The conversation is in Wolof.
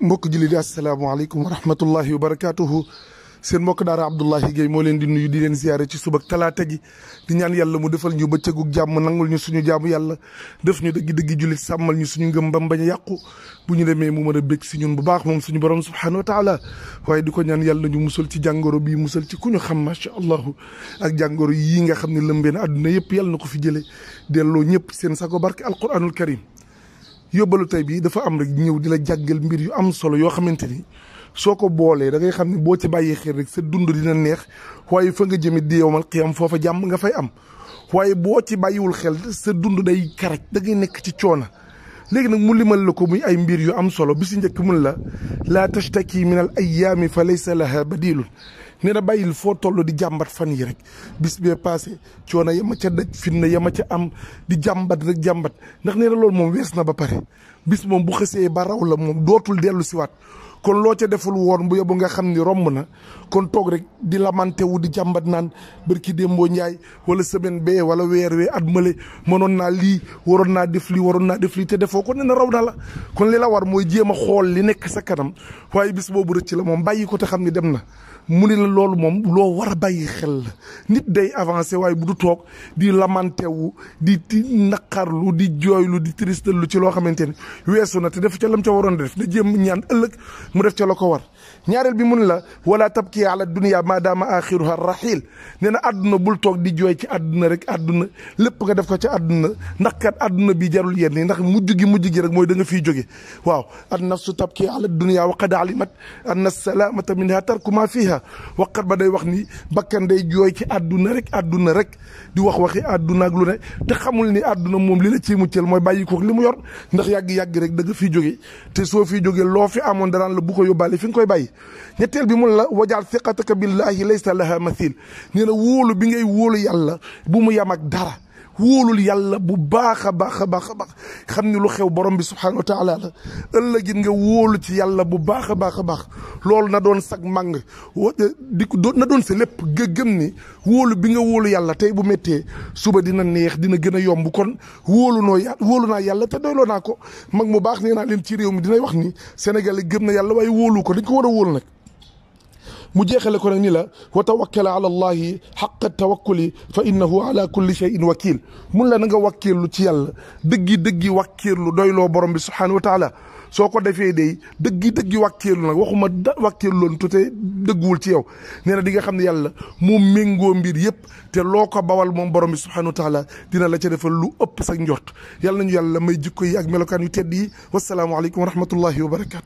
mbokk julli di asalaamaaleykum wa rahmatullahi wa barakaatuhu seen mbokk daara Abdoulahi Gaye moo leen di nuyu di leen ziyaare ci subak talaata gi di ñaan yàlla mu defal ñu bëccëgu jàmm nangul ñu suñu jaamu yàlla def ñu dëgg-dëgg jullit sàmmal ñu suñu ngëm bam bañ a yàqu bu ñu demee mu mën a bég si ñun bu baax moom suñu borom subhanahu wa taala waaye di ko ñaan yàlla ñu musal ci jàngoro bii musal ci ku ñu xam macha allah ak jàngoro yii nga xam ne lëmbee na àdduna yëpp yàlla na ko fi jëlee delloo ñëpp seen sago barke alquranul karim yóbbalu tey bii dafa am rek ñëw di la jàggal mbir yu am solo yoo xamante ni soo ko boolee da ngay xam ni boo ci bàyyee xel rek sa dund dina neex waaye fa nga jëmit di yow yowmal xiyam foofa jàmm nga fay am waaye boo ci bàyyiwul xel sa dund day karaj da ngay nekk ci coona léegi nag mu limal la ko muy ay mbir yu am solo bi si njëkk mun la laa tashtaki min al ayaami fa laysa laha badilun nee na bàyyil foo toll di jàmbat fan yi rek bis bee passé coono yama ca daj fitna yama ca am di jàmbat rek jàmbat ndax nee na loolu moom wees na ba pare bis moom bu xësee ba raw la moom dootul dellu siwaat kon loo ca deful woon bu yóbbu nga xam ni romb na kon toog rek di lamante wu di jàmbat naan bërki démboo njaay wala semaine bee wala weer wee at mële mënoon naa lii waroon naa def lii waroon naa def lii te defoo ko ne na raw na la kon li la war mooy jéem a xool li nekk sa kanam waaye bis boobu rëcc la moom bàyyi ko te xam ni dem na mu ni la loolu moom loo war a bàyyi xel nit day avancé waaye bu du toog di lamantewu di di naqarlu di jooylu di tristellu ci loo xamante ni weesu na te def ca lam ca waroon def da jéem ñaan ëllëg mu def ca la ko war ñaareel bi mun la wala tabki ala dunia maadaama axiruha rahil nee na àdduna bul toog di jooy ci àdduna rek àdduna lépp nga def ko ci àdduna ndax kat àdduna bi jarul yenn yi ndax mujj gi mujj gi rek mooy da nga fiy jóge waaw an nafsu tabki ala dunia wa qad alimat anna salamata minha tarku ma fiha ca waxkat ba day wax ni bakkan day jooy ci àdduna rek àdduna rek di wax waxi àdduna ak lu ne te xamul ni àdduna moom li la ciy muccal mooy bàyyi ko li mu yor ndax yàgg-yàgg rek da nga jóge te soo fi jóge loo fi amoon daraan la bu ko yóbbaale fi nga koy bàyyi ñetteel bi mun la wajaal siqataka billaahi laysa laha mathil nee na wóolu bi ngay wóolu yàlla bu mu yam ak dara wóolul yàlla bu baax a baax a baax a baax xam ni lu xew borom bi subhaanahu wa taala la gin nga wóolu ci yàlla bu baax a baax a baax loolu na doon sag màng eh, di ko na doon sa lépp gëm ni wóolu bi nga wóolu yàlla tey bu méttee suba dina neex dina gën a yomb kon wóolu noo yà wóolu naa yàlla te doyloo naa ko mag mu baax nee naa leen ci réew mi dinay wax ni Sénégal gëm na yàlla waaye wóolu ko dañ ko war a wóolu nag mu jeexale ko nag ni la wa tawakkal ala allahi xaqa tawakkuli fa innahu ala kulli cheyin wakil mun la na nga lu ci yàlla dëggi dëggi wàkkeerlu doyloo borom bi subhanahu wa taala soo ko defee day dëggi dëggi wàkkeerlu nag waxuma da wàkkeerlu loon tute dëgguwul ci yow nee na di nga xam ne yàlla mu méngoo mbir yëpp te loo ko bawal moom borom bi subhanahu wa taala dina la ca defal lu ëpp sa njort yàlla nañu yàlla may jikko yi ak melokaan yu wa yi wasalaamualeykum wa rahmatullahi wa barakaatu